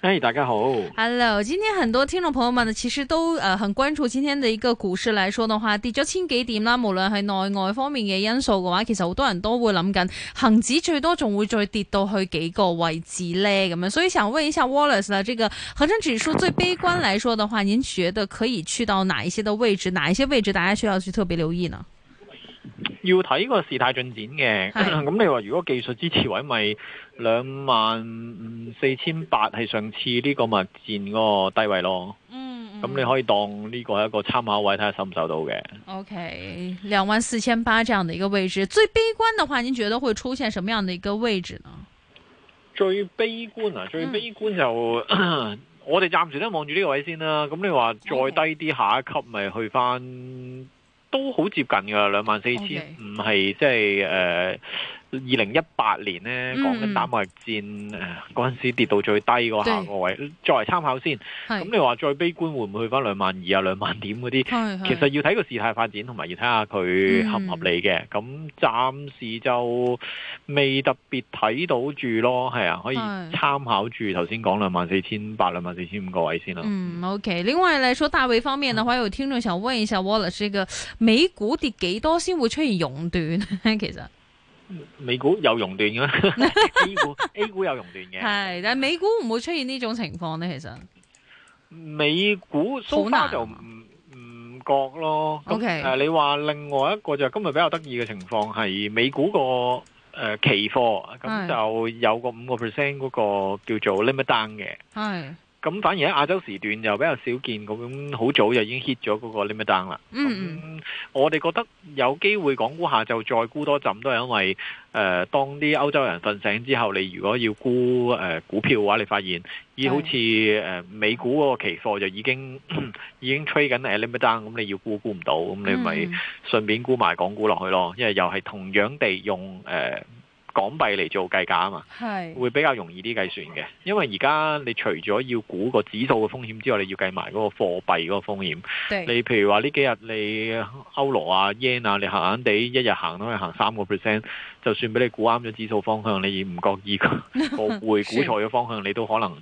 Hey, 大家好，Hello，今天很多聽眾朋友們呢，其實都呃很關注今天的一個股市來說的話，跌咗千幾點啦，無論係內外方面嘅因素嘅話，其實好多人都會諗緊恒指最多仲會再跌到去幾個位置呢。咁樣，所以想問一下 Wallace 啦，這個恒生指數最悲觀來說的話，您覺得可以去到哪一些的位置，哪一些位置大家需要去特別留意呢？要睇個事態進展嘅，咁 你話如果技術支持位咪兩萬四千八係上次呢個物戰個低位咯。嗯，咁、嗯、你可以當呢個一個參考位睇下收唔收到嘅。OK，兩萬四千八這樣的一個位置，最悲觀的話，您覺得會出現什麼樣的一個位置呢？最悲觀啊，最悲觀就、嗯、 我哋暫時都望住呢個位先啦。咁你話再低啲，下一級咪去翻。都好接近噶，兩萬四千，唔係即係誒。呃二零一八年呢，講緊打貿易戰，嗰、嗯、陣時跌到最低個下個位，作為參考先。咁你話再悲觀會唔會去翻兩萬二啊兩萬點嗰啲？其實要睇個事態發展，同埋要睇下佢合唔合理嘅。咁、嗯、暫時就未特別睇到住咯，係啊，可以參考住頭先講兩萬四千八、兩萬四千五個位先啦。嗯，OK。另外咧，說大位方面呢話、嗯，有聽眾想問一下 Wallace，呢個美股跌幾多先會出現熔斷？ 其實。美股有熔斷嘅，A 股 A 股有熔斷嘅，係，但係美股唔會出現呢種情況呢。其實美股 so far 就唔唔覺咯。OK，誒，你話另外一個就今日比較得意嘅情況係美股個誒期貨咁就有個五個 percent 嗰個叫做 limit down 嘅係。咁反而喺亞洲時段就比較少見，咁好早就已經 hit 咗嗰個 limit down 啦。咁我哋覺得有機會港股下晝再沽多陣，都係因為誒當啲歐洲人瞓醒之後，你如果要沽誒股票嘅話，你發現依好似誒美股個期貨就已經已經 trade 緊誒 limit down，咁你要沽沽唔到，咁你咪順便沽埋港股落去咯，因為又係同樣地用誒。港幣嚟做計價啊嘛，係會比較容易啲計算嘅。因為而家你除咗要估個指數嘅風險之外，你要計埋嗰個貨幣嗰個風險。你譬如話呢幾日你歐羅啊、yen 啊，你行行地一日行都可以行三個 percent，就算俾你估啱咗指數方向，你唔覺意個匯估錯嘅方向，你都可能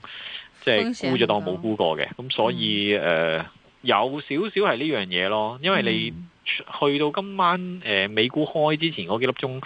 即係估咗當冇估過嘅。咁所以誒、嗯呃、有少少係呢樣嘢咯，因為你去到今晚誒、呃、美股開之前嗰幾粒鐘。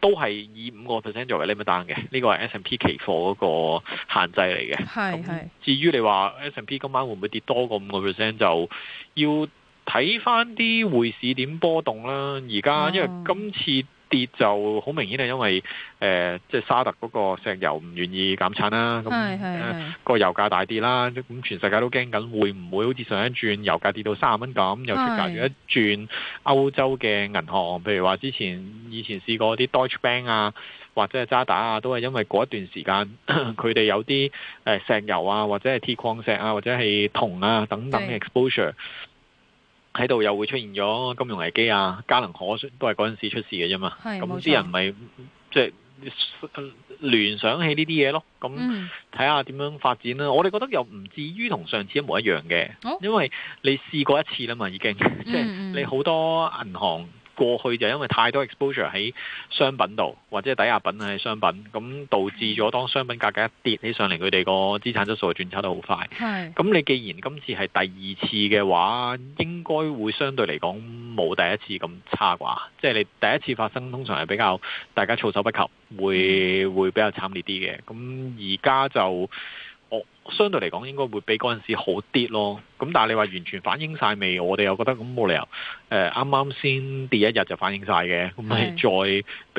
都係以五個 percent 作為 limit down 嘅，呢個係 S&P 期貨嗰個限制嚟嘅。係係。至於你話 S&P 今晚會唔會跌多過五個 percent，就要睇翻啲匯市點波動啦。而家因為今次。跌就好明顯係因為誒，即、呃、係、就是、沙特嗰個石油唔願意減產啦，啊，咁個、呃、油價大跌啦，咁全世界都驚緊會唔會好似上一轉油價跌到三十蚊咁，又出嚟轉一轉歐洲嘅銀行，譬如話之前以前試過啲 Deutsche Bank 啊，或者係渣打啊，都係因為嗰一段時間佢哋 有啲誒石油啊，或者係鐵礦石啊，或者係銅啊等等嘅 exposure。喺度又會出現咗金融危機啊，加能可都係嗰陣時出事嘅啫嘛，咁啲人咪即係聯想起呢啲嘢咯，咁睇下點樣發展啦。我哋覺得又唔至於同上次一模一樣嘅、哦，因為你試過一次啦嘛，已經即係、嗯嗯、 你好多銀行。過去就因為太多 exposure 喺商品度，或者抵押品喺商品，咁導致咗當商品價格一跌起上嚟，佢哋個資產質素轉差得好快。係，咁你既然今次係第二次嘅話，應該會相對嚟講冇第一次咁差啩？即係、就是、你第一次發生，通常係比較大家措手不及，會會比較慘烈啲嘅。咁而家就。相對嚟講應該會比嗰陣時好啲咯，咁但係你話完全反映晒未？我哋又覺得咁冇理由，啱啱先跌一日就反映晒嘅，咁咪再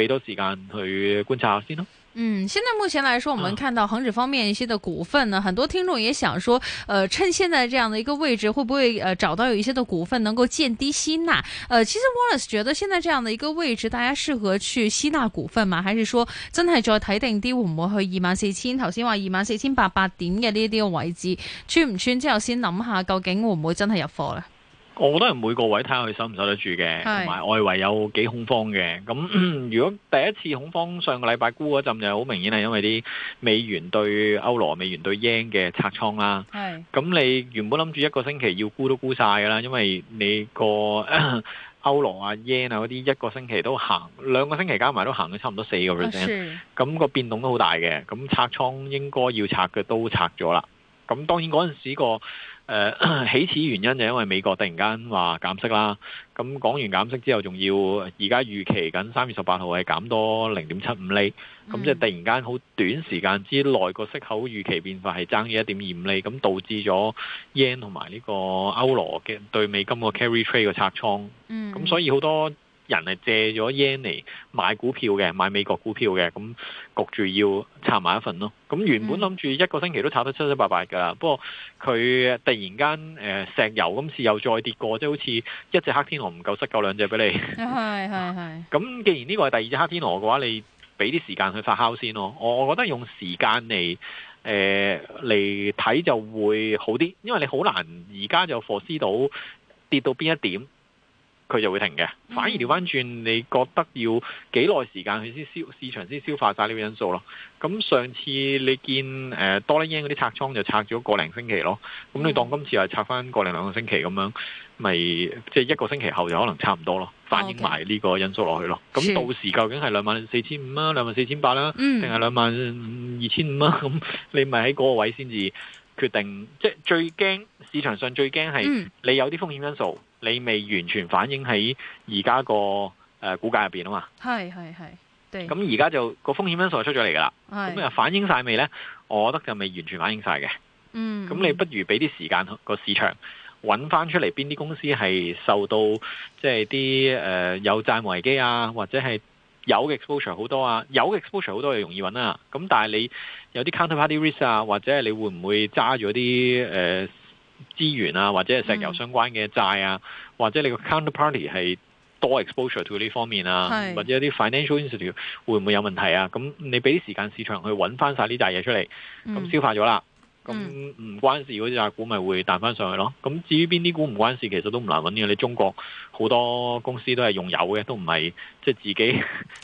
畀多時間去觀察下先咯。嗯，現在目前來說，我們看到恒指方面一些的股份呢，很多聽眾也想說，呃，趁現在這樣的一個位置，會不會呃找到有一些的股份能夠見低吸納？呃，其實 Wallace 覺得現在這樣的一個位置，大家適合去吸納股份嗎？還是說真係再睇定啲會唔會去二萬四千？頭先話二萬四千八百點嘅呢啲嘅位置穿唔穿之後，先諗下究竟會唔會真係入貨咧？我覺得係每個位睇下佢守唔守得住嘅，同埋外圍有幾恐慌嘅。咁、嗯、如果第一次恐慌上個禮拜沽嗰陣，就好明顯係因為啲美元對歐羅、美元對 yen 嘅拆倉啦。咁，你原本諗住一個星期要沽都沽晒㗎啦，因為你個、呃、歐羅啊、yen 啊嗰啲一個星期都行兩個星期加埋都行咗差唔多四個 percent，咁個變動都好大嘅。咁拆倉應該要拆嘅都拆咗啦。咁當然嗰陣時個。誒 起始原因就因為美國突然間話減息啦，咁講完減息之後，仲要而家預期緊三月十八號係減多零點七五厘，咁即係突然間好短時間之內個息口預期變化係爭嘅一點二五厘，咁導致咗 yen 同埋呢個歐羅嘅對美金個 carry trade 個拆倉，咁所以好多。人係借咗 Yen 嚟買股票嘅，買美國股票嘅，咁焗住要插埋一份咯。咁原本諗住一個星期都炒得七七八八㗎啦，不過佢突然間誒石油今次又再跌過，即係好似一隻黑天鵝唔夠，塞夠兩隻俾你。係係係。咁既然呢個係第二隻黑天鵝嘅話，你俾啲時間去發酵先咯。我我覺得用時間嚟誒嚟睇就會好啲，因為你好難而家就 foresee 到跌到邊一點。佢就會停嘅，反而調翻轉，你覺得要幾耐時間佢先消市場先消化晒呢個因素咯。咁上次你見誒、呃、多利恩嗰啲拆倉就拆咗個零星期咯，咁你當今次係拆翻個零兩個星期咁樣，咪即係一個星期後就可能差唔多咯，反映埋呢個因素落去咯。咁、okay。到時究竟係兩萬四千五啊，兩萬四千八啦，定係兩萬二千五啊？咁你咪喺嗰個位先至決定，即係最驚市場上最驚係你有啲風險因素。你未完全反映喺而家個誒股價入邊啊嘛？係係係。對。咁而家就個風險因素就出咗嚟㗎啦。係。咁啊反映晒未呢？我覺得就未完全反映晒嘅。嗯。咁你不如俾啲時間個市場揾翻出嚟邊啲公司係受到即係啲誒有債務危機啊，或者係有嘅 exposure 好多啊，有嘅 exposure 好多就容易揾啊。咁但係你有啲 counterparty risk 啊，或者你會唔會揸住啲誒？呃資源啊，或者係石油相關嘅債啊、嗯，或者你個 counterparty 係多 exposure to 呢方面啊，或者一啲 financial institute 會唔會有問題啊？咁你俾啲時間市場去揾翻晒呢扎嘢出嚟，咁、嗯、消化咗啦，咁、嗯、唔關事嗰啲股咪會彈翻上去咯。咁至於邊啲股唔關事，其實都唔難揾嘅。你中國好多公司都係用油嘅，都唔係。即係自己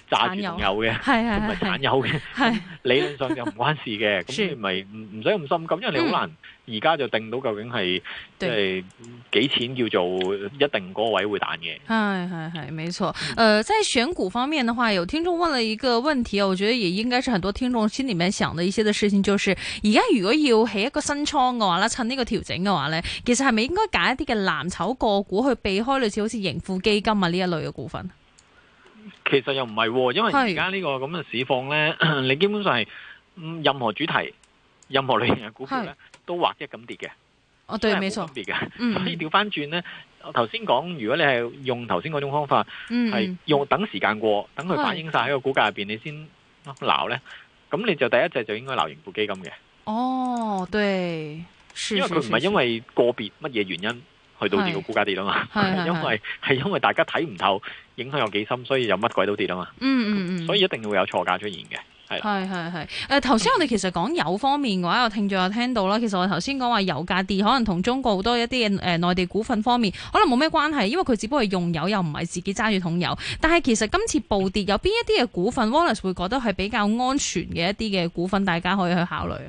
炸住朋友嘅，同埋揀有嘅，有有的是是是 理論上又唔關事嘅，咁你咪唔唔使咁心急咁，因為你好難而家就定到究竟係即係幾錢叫做一定嗰個位會彈嘅。係係係，沒錯。誒、呃，在選股方面嘅話，有聽眾問了一個問題啊，我覺得也應該是很多聽眾心裏面想的一些嘅事情，就是而家如果要起一個新倉嘅話，啦趁呢個調整嘅話咧，其實係咪應該揀一啲嘅藍籌個股去避開類似好似盈富基金啊呢一類嘅股份？其實又唔係，因為而家呢個咁嘅市況咧，你基本上係任何主題、任何類型嘅股票咧，都劃一咁跌嘅。哦，對，冇分別嘅。所以調翻轉咧，我頭先講，如果你係用頭先嗰種方法，係用等時間過，等佢反映晒喺個股價入邊，你先鬧咧。咁你就第一隻就應該鬧盈富基金嘅。哦，對，因為佢唔係因為個別乜嘢原因去導致個股價跌啊嘛，因為係因為大家睇唔透。影響有幾深，所以有乜鬼都跌啊嘛！嗯嗯嗯，所以一定會有錯價出現嘅，係係係。誒頭先我哋其實講油方面嘅話，又聽住又聽到啦。其實我頭先講話油價跌，可能同中國好多一啲誒、呃、內地股份方面可能冇咩關係，因為佢只不過係用油，又唔係自己揸住桶油。但係其實今次暴跌有邊一啲嘅股份，Wallace 會覺得係比較安全嘅一啲嘅股份，大家可以去考慮？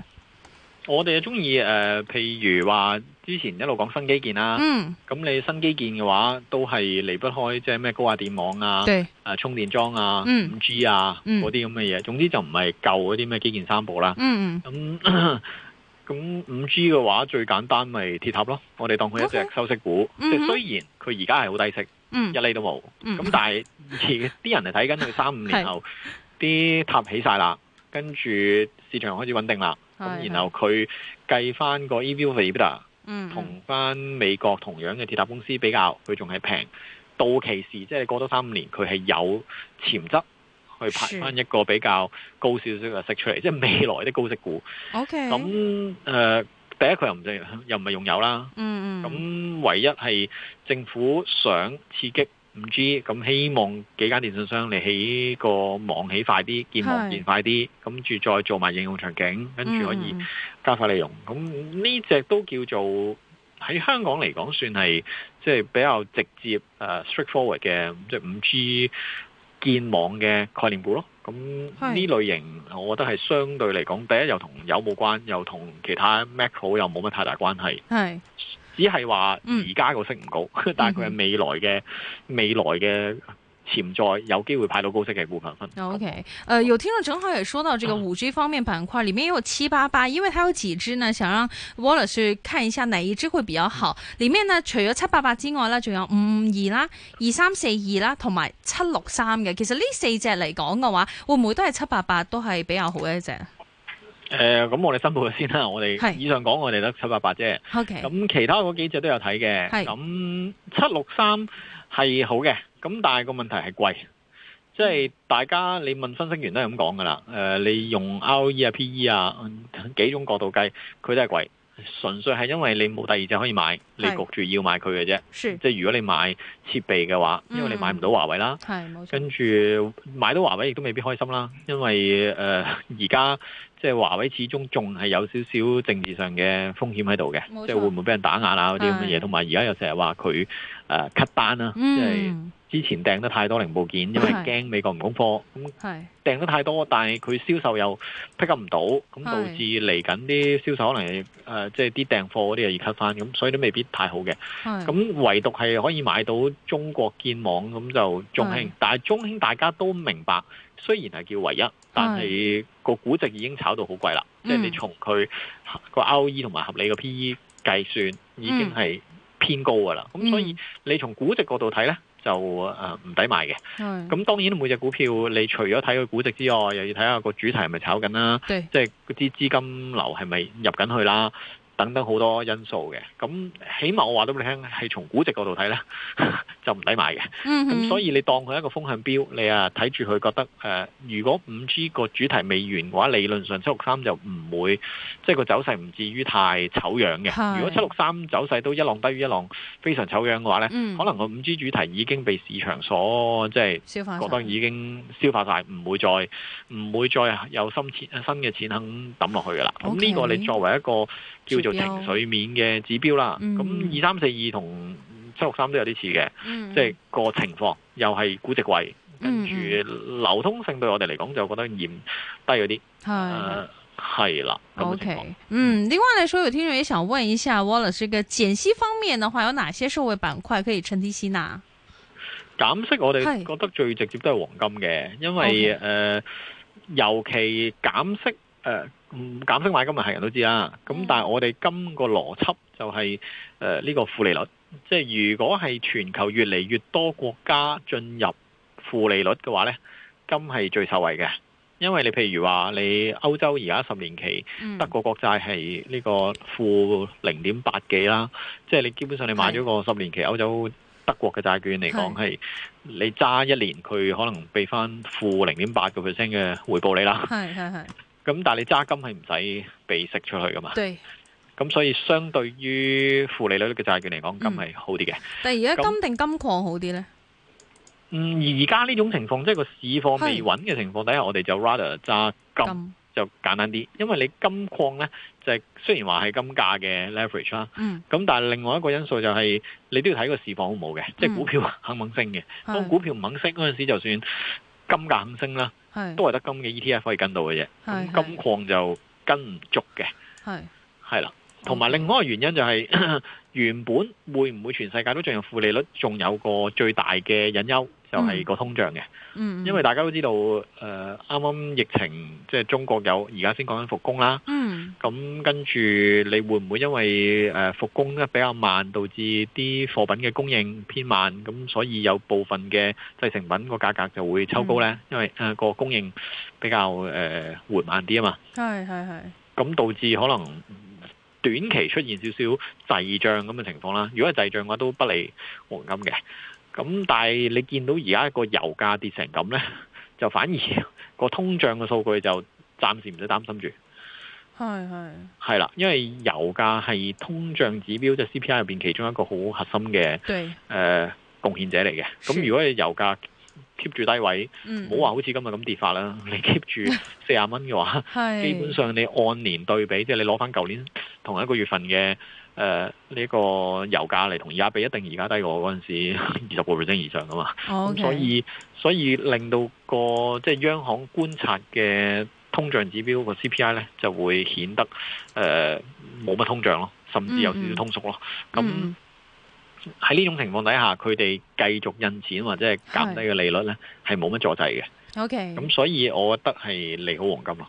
我哋啊中意，誒，譬如話之前一路講新基建啦，咁、嗯、你新基建嘅話都係離不開即係咩高壓電網啊，誒、呃、充電樁啊，五、嗯、G 啊嗰啲咁嘅嘢。總之就唔係舊嗰啲咩基建三部啦。咁咁五 G 嘅話最簡單咪鐵塔咯，我哋當佢一隻收息股。即、okay，雖然佢而家係好低息，嗯、一厘都冇，咁、嗯嗯、但係啲 人係睇緊佢三五年後啲塔起晒啦。跟住市場開始穩定啦，咁然後佢計翻個 EV/EBITDA 同翻美國同樣嘅鐵塔公司比較，佢仲係平。到期時即係、就是、過多三五年，佢係有潛質去排翻一個比較高少少嘅息出嚟，即係未來啲高息股。OK，咁誒、呃、第一佢又唔就又唔係用油啦。嗯嗯，咁唯一係政府想刺激。五 G 咁希望幾間電信商嚟起個網起快啲，建網建快啲，咁住再做埋應用場景，跟住可以加快利用。咁呢隻都叫做喺香港嚟講算係即係比較直接，誒 straightforward 嘅即係五 G 建網嘅概念股咯。咁呢類型我覺得係相對嚟講，第一又同有冇關，又同其他 macro 又冇乜太大關係係。只係話而家個息唔高，嗯、但係佢係未來嘅，嗯、未來嘅潛在有機會派到高息嘅股份。O K.，誒，有、嗯、聽眾正好也說到這個五 G 方面板塊，裡面有七八八，因為佢有幾隻呢，想讓 Wallace 看一下哪一隻會比較好。嗯、裡面呢除咗七八八之外啦，仲有五五二啦、二三四二啦，同埋七六三嘅。其實呢四隻嚟講嘅話，會唔會都係七八八都係比較好嘅一隻？誒、呃，咁我哋申報咗先啦。我哋以上講我哋得七八八啫。咁其他嗰幾隻都有睇嘅。咁七六三係好嘅，咁但係個問題係貴、嗯，即係大家你問分析員都係咁講噶啦。誒、呃，你用 ROE 啊、PE 啊幾種角度計，佢都係貴。純粹係因為你冇第二隻可以買，你焗住要買佢嘅啫。即係如果你買設備嘅話，因為你買唔到華為啦。係冇錯。跟住買到華為亦都未必開心啦，因為誒而家。呃即係華為始終仲係有少少政治上嘅風險喺度嘅，即係會唔會俾人打壓啊嗰啲咁嘅嘢，同埋而家又成日話佢誒 cut 單啦、嗯，即係之前訂得太多零部件，因為驚美國唔供貨，咁訂得太多，但係佢銷售又 pick up 唔到，咁導致嚟緊啲銷售可能誒、呃、即係啲訂貨嗰啲又要 cut 翻，咁所以都未必太好嘅。咁唯獨係可以買到中國建網，咁就中興，但係中興大家都明白。雖然係叫唯一，但係個估值已經炒到好貴啦。即係你從佢個 ROE 同埋合理個 PE 計算，已經係偏高噶啦。咁所以你從估值角度睇呢，就誒唔抵買嘅。咁當然每隻股票，你除咗睇佢估值之外，又要睇下個主題係咪炒緊啦。即係嗰啲資金流係咪入緊去啦？等等好多因素嘅，咁起碼我話都俾你聽，係從估值嗰度睇呢，就唔抵買嘅。咁、mm-hmm. 所以你當佢一個風向標，你啊睇住佢覺得，誒、呃，如果五 G 個主題未完嘅話，理論上七六三就唔會，即係個走勢唔至於太醜樣嘅。如果七六三走勢都一浪低於一浪，非常醜樣嘅話呢，mm-hmm. 可能個五 G 主題已經被市場所即係覺得已經消化晒，唔會再唔會再有新錢新嘅錢肯抌落去嘅啦。咁、okay. 呢個你作為一個。叫做情緒面嘅指標啦，咁二三四二同七六三都有啲似嘅，嗯嗯嗯即係個情況又係估值位。跟、嗯、住、嗯嗯、流通性對我哋嚟講就覺得嫌低嗰啲。係係啦。O、okay、K，嗯，另外來所有聽眾也想問一下 Wallace，這個減息方面的話，有哪些受惠板塊可以趁低吸納？減息我哋覺得最直接都係黃金嘅，因為誒、okay 呃，尤其減息誒。呃唔、嗯、減息買金咪係人都知啊！咁但係我哋今個邏輯就係、是、呢、呃呢個負利率，即係如果係全球越嚟越多國家進入負利率嘅話呢，金係最受惠嘅，因為你譬如話你歐洲而家十年期德國國債係呢個負零點八幾啦，即係你基本上你買咗個十年期歐洲德國嘅債券嚟講係你揸一年佢可能俾翻負零點八個 percent 嘅回報你啦。係係係。咁但係你揸金係唔使畀息出去噶嘛？對。咁所以相對於負利率嘅債券嚟講，嗯，金係好啲嘅。但係而家金定金礦好啲咧？嗯，而家呢種情況，即係個市況未穩嘅情況底下，是我哋就 rather 揸金，金就簡單啲。因為你金礦咧，就是、雖然話係金價嘅 leverage 啦，嗯，咁但係另外一個因素就係、是、你都要睇個市況好唔好嘅，即、嗯、係、就是、股票肯唔肯升嘅。當股票唔肯升嗰陣時，就算。金價肯升啦，都係得金嘅 ETF 可以跟到嘅啫，金礦就跟唔足嘅，係啦，同埋另外一個原因就係原本會唔會全世界都進入負利率，仲有個最大嘅隱憂。就係個通脹嘅，因為大家都知道誒，啱啱疫情即係中國有，而家先講緊復工啦。咁跟住你會唔會因為誒復工得比較慢，導致啲貨品嘅供應偏慢，咁所以有部分嘅製成品個價格就會抽高呢？因為誒個供應比較誒緩慢啲啊嘛。係係係。咁導致可能短期出現少少滯脹咁嘅情況啦。如果係滯脹嘅話，都不利黃金嘅。咁但係你見到而家個油價跌成咁呢，就反而個通脹嘅數據就暫時唔使擔心住。係係係啦，因為油價係通脹指標即係、就是、CPI 入面其中一個好核心嘅誒、呃、貢獻者嚟嘅。咁如果你油價 keep 住低位，唔好話好似今日咁跌法啦，嗯、你 keep 住四十蚊嘅話， 基本上你按年對比，即、就、係、是、你攞返舊年同一個月份嘅。誒、呃，呢、這個油價嚟，同而家比，一定而家低過嗰陣時二十個 percent 以上噶嘛，咁、oh, okay. 嗯、所以所以令到個即係央行觀察嘅通脹指標個 CPI 咧，就會顯得誒冇乜通脹咯，甚至有少少通縮咯。咁喺呢種情況底下，佢哋繼續印錢或者係減低嘅利率咧，係冇乜阻滯嘅。OK，咁所以我覺得係利好黃金啦。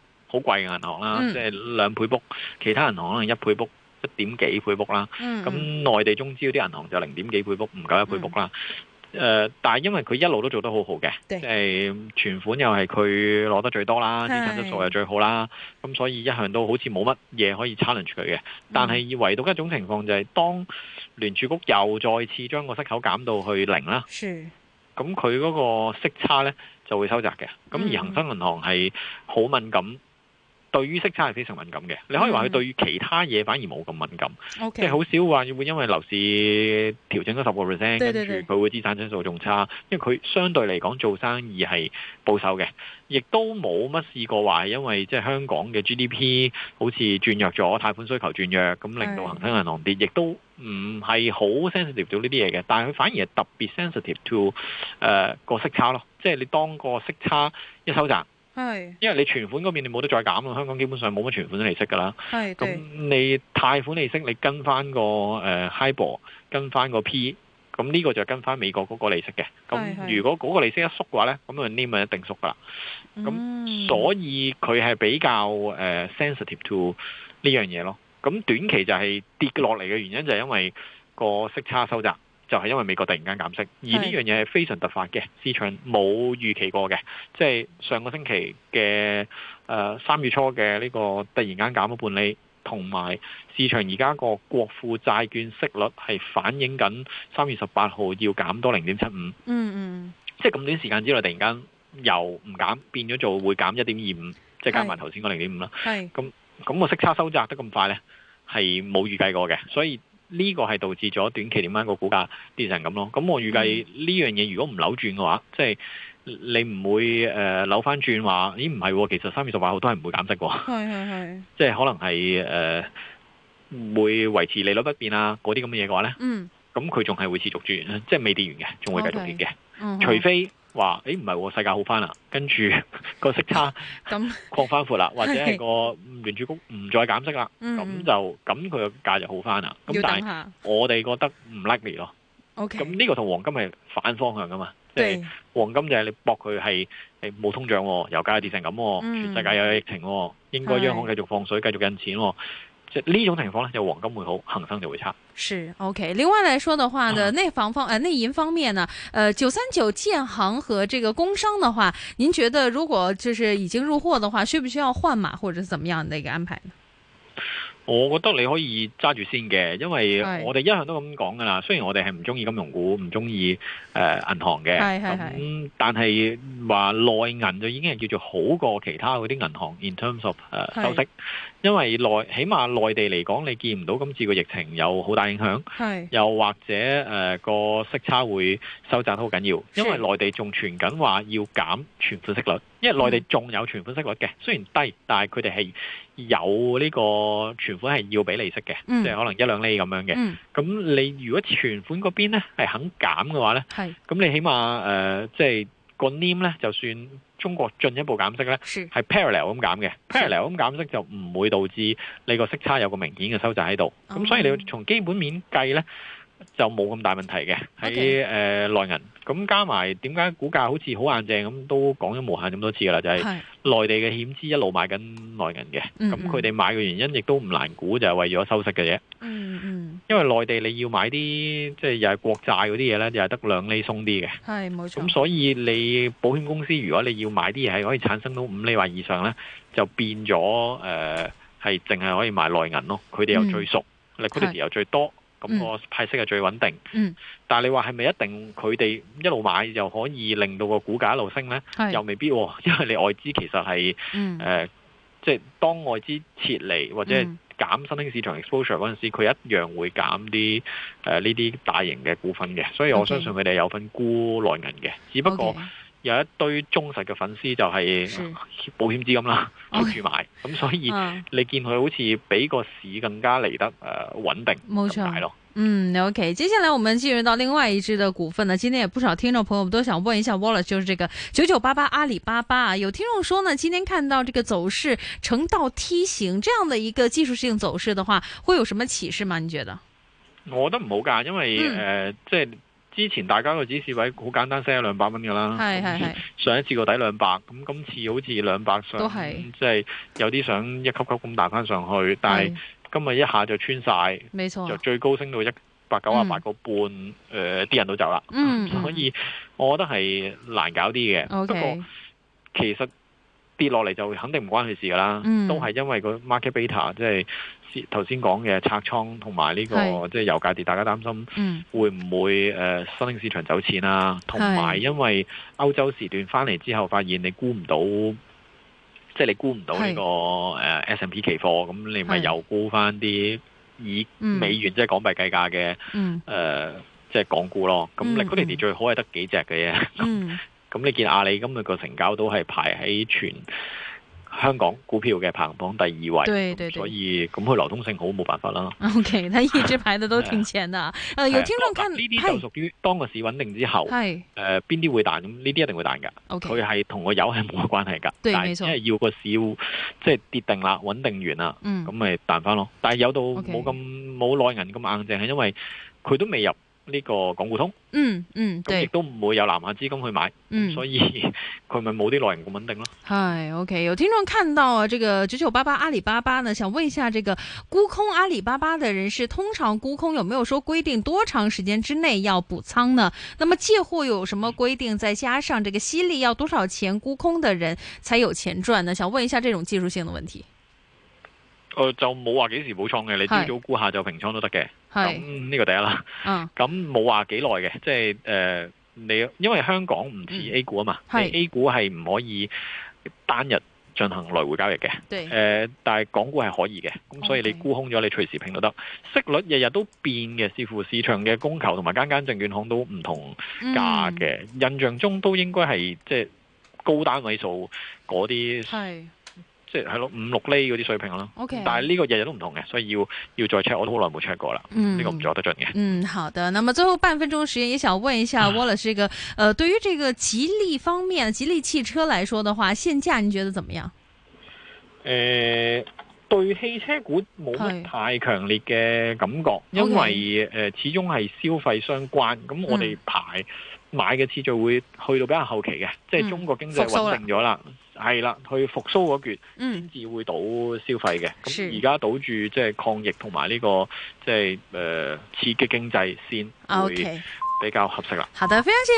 好貴嘅銀行啦，即係兩倍 book，其他銀行可能一倍 book，一點幾倍 book 啦。咁內地中資嗰啲銀行就零點幾倍 book，唔夠一倍 book 啦。誒，但係因為佢一路都做得好好嘅，即係存款又係佢攞得最多啦，資產質數又最好啦，咁所以一向都好似冇乜嘢可以 challenge 佢嘅。但係唯獨一種情況就係，當聯儲局又再次將個息口減到去零啦，咁佢嗰個息差呢就會收窄嘅。咁而恒生銀行係好敏感。對於息差係非常敏感嘅，你可以話佢對於其他嘢反而冇咁敏感，嗯、即係好少話會因為樓市調整咗十個 percent，跟住佢會資產增數仲差，因為佢相對嚟講做生意係保守嘅，亦都冇乜試過話係因為即係香港嘅 GDP 好似轉弱咗，貸款需求轉弱，咁令到恒生銀行跌，亦都唔係好 sensitive 到呢啲嘢嘅，但係佢反而係特別 sensitive to 誒、呃、個息差咯，即係你當個息差一收窄。係，因為你存款嗰邊你冇得再減咯，香港基本上冇乜存款的利息噶啦。係，咁你貸款利息你跟翻、那個誒、呃、HIBOR，跟翻個 P，咁呢個就係跟翻美國嗰個利息嘅。咁如果嗰個利息一縮嘅話咧，咁啊 NIM 就一定縮啦。嗯，咁所以佢係比較誒、呃、sensitive to 呢樣嘢咯。咁短期就係跌落嚟嘅原因就係因為個息差收窄。就係、是、因為美國突然間減息，而呢樣嘢係非常突發嘅，市場冇預期過嘅。即、就、係、是、上個星期嘅誒三月初嘅呢、這個突然間減咗半厘，同埋市場而家個國庫債券息率係反映緊三月十八號要減多零點七五。嗯嗯，即係咁短時間之內突然間由唔減變咗做會減一點二五，即係加埋頭先嗰零點五啦。係咁，咁個息差收窄得咁快呢，係冇預計過嘅，所以。呢、這個係導致咗短期點樣個股價跌成咁咯。咁我預計呢樣嘢如果唔扭轉嘅話，即、嗯、係你唔會誒、呃、扭翻轉話，咦唔係、哦，其實三月十八號都係唔會減息嘅，係係係即係可能係誒、呃、會維持利率不變啊嗰啲咁嘅嘢嘅話咧，嗯，咁佢仲係會持續跌，即係未跌完嘅，仲會繼續跌嘅，okay, 嗯、除非。話誒唔係、哦、世界好翻啦，跟住個息差咁、嗯、 擴翻闊啦，或者係個聯儲局唔再減息啦，咁、嗯、就咁佢個價就好翻啦。咁但係我哋覺得唔 likely 咯。O K，咁呢個同黃金係反方向噶嘛？即係、就是、黃金就係你搏佢係係冇通脹、哦，油價跌成咁、哦嗯，全世界有疫情、哦，應該央行繼續放水，繼續印錢、哦。即呢種情況咧，就黃金會好，恒生就會差。是 OK。另外嚟說的話呢，內、嗯、房方、呃內銀方面呢，呃九三九建行和這個工商的話，您覺得如果就是已經入貨的話，需不需要換碼或者怎麼樣的一個安排呢？我覺得你可以揸住先嘅，因為我哋一向都咁講噶啦。雖然我哋係唔中意金融股，唔中意誒銀行嘅，咁、嗯、但係話內銀就已經係叫做好過其他嗰啲銀行，in terms of 誒、呃、收息。，因為內起碼內地嚟講，你見唔到今次個疫情有好大影響，又或者誒個、呃、息差會收窄得好緊要，因為內地仲傳緊話要減存款息率。因為內地仲有存款息率嘅，嗯、雖然低，但係佢哋係有呢個存款係要俾利息嘅，即係、嗯、可能一兩厘咁樣嘅。咁、嗯、你如果存款嗰邊咧係肯減嘅話咧，咁你起碼誒即係個 n 中國進一步減息呢係 parallel 咁減嘅，parallel 咁減息就唔會導致你個息差有個明顯嘅收窄喺度，咁、嗯、所以你要從基本面計呢。就冇咁大問題嘅，喺誒內銀。咁加埋點解股價好似好硬淨咁，都講咗無限咁多次噶啦，就係內地嘅險資一路買緊內銀嘅。咁佢哋買嘅原因亦都唔難估，就係為咗收息嘅啫。嗯嗯，因為內地你要買啲即係又係國債嗰啲嘢咧，又係得兩釐鬆啲嘅。係冇錯。咁所以你保險公司如果你要買啲嘢係可以產生到五釐或以上咧，就變咗誒係淨係可以買內銀咯。佢哋又最熟，你佢哋又最多。咁、嗯、個派息係最穩定，嗯、但你話係咪一定佢哋一路買又可以令到個股價一路升呢？又未必，因為你外資其實係即係當外資撤離或者減新興市場 exposure 嗰陣時，佢、嗯、一樣會減啲呢啲大型嘅股份嘅，所以我相信佢哋有份沽內銀嘅，只不過，嗯 okay. 有一堆忠實嘅粉絲就係、是啊、保險資金啦，都住埋，咁所以你見佢好似比個市更加嚟得，誒穩、呃、定，冇錯咯。嗯，OK，接下來我們進入到另外一支嘅股份呢。今天有不少聽眾朋友都想問一下 Wallace，就是這個九九八八阿里巴巴啊。有聽眾說呢，今天看到這個走勢呈倒梯形，這樣的一個技術性走勢的話，會有什麼啟示嗎？你覺得？我覺得唔好㗎，因為誒、嗯呃，即係。之前大家個指示位好簡單，升咗兩百蚊㗎啦，是是是上一次個底兩百，咁今次好似兩百上，即係有啲想一級級咁彈翻上去，但係今日一下就穿晒。啊、就最高升到一百九十八個半，誒、嗯、啲、呃、人都走啦。嗯嗯，所以我覺得係難搞啲嘅。嗯嗯，不過其實跌落嚟就肯定唔關佢事㗎啦，嗯、都係因為個 market beta 即係。頭先講嘅拆倉同埋呢個即係油價跌，大家擔心會唔會誒新興市場走錢啊？同埋因為歐洲時段翻嚟之後，發現你估唔到，即係你估唔到呢個誒 S&P 期貨，咁你咪又估翻啲以美元即係、就是、港幣計價嘅誒，即係、就是、港股咯。咁你今年最好係得幾隻嘅嘢？咁、嗯、 你見阿里今日個成交都係排喺全香港股票嘅排行榜第二位，對對對，所以咁佢流通性好，冇辦法啦。OK，佢一直排得都挺前的。 啊、呃，有聽眾看，呢啲，就屬於當個市穩定之後，係誒邊啲會彈咁，呢啲一定會彈噶。佢係同個油係冇關係噶，但係因為要個市要即係跌定啦，穩定完啦，嗯，咁咪彈翻咯。但係有到冇咁冇內銀咁硬淨係因為佢都未入呢、這個港股通，嗯嗯，對，亦都唔會有南下資金去買，嗯，所以佢咪冇啲內容咁穩定咯。係 ，OK，有聽眾看到啊，這個九九八八阿里巴巴呢，想問一下，這個沽空阿里巴巴的人士，通常沽空有沒有說規定多長時間之內要補倉呢？那麼借貨有什麼規定？再加上這個息率要多少錢沽空的人才有錢賺呢？想問一下這種技術性的問題。誒、呃，就冇話幾時補倉嘅，你朝早估下就平倉都得嘅。咁呢、嗯這個第一啦。咁冇話幾耐嘅，即係誒、呃，你因為香港唔似 A 股啊嘛。係、嗯。你 A 股係唔可以單日進行來回交易嘅。誒、呃，但係港股係可以嘅，咁所以你沽空咗，你隨時平都得、嗯。息率日日都變嘅，視乎市場嘅供求同埋間間證券行都唔同價嘅、嗯。印象中都應該係即係高單位數嗰啲。係。即係咯，五六厘嗰啲水平啦。O、okay. K，但係呢個日日都唔同嘅，所以要要再 check。我都好耐冇 check 過啦。呢、嗯這個唔做得盡嘅。嗯，好的。那麼最後半分鐘時間，也想問一下 Wallace，、啊、這個，呃，對於這個吉利方面，吉利汽車來說的話，現價你覺得怎麼樣？誒、呃，對汽車股冇乜太強烈嘅感覺，是因為誒、okay. 呃、始終係消費相關。咁我哋排、嗯、買嘅次序會去到比較後期嘅，即係中國經濟穩、嗯、定咗啦。嗯係啦，去復蘇嗰橛先至會倒消費嘅。咁而家倒住即係抗疫同埋呢個即係誒刺激經濟先會比較合適啦。Okay. 好的，非常謝謝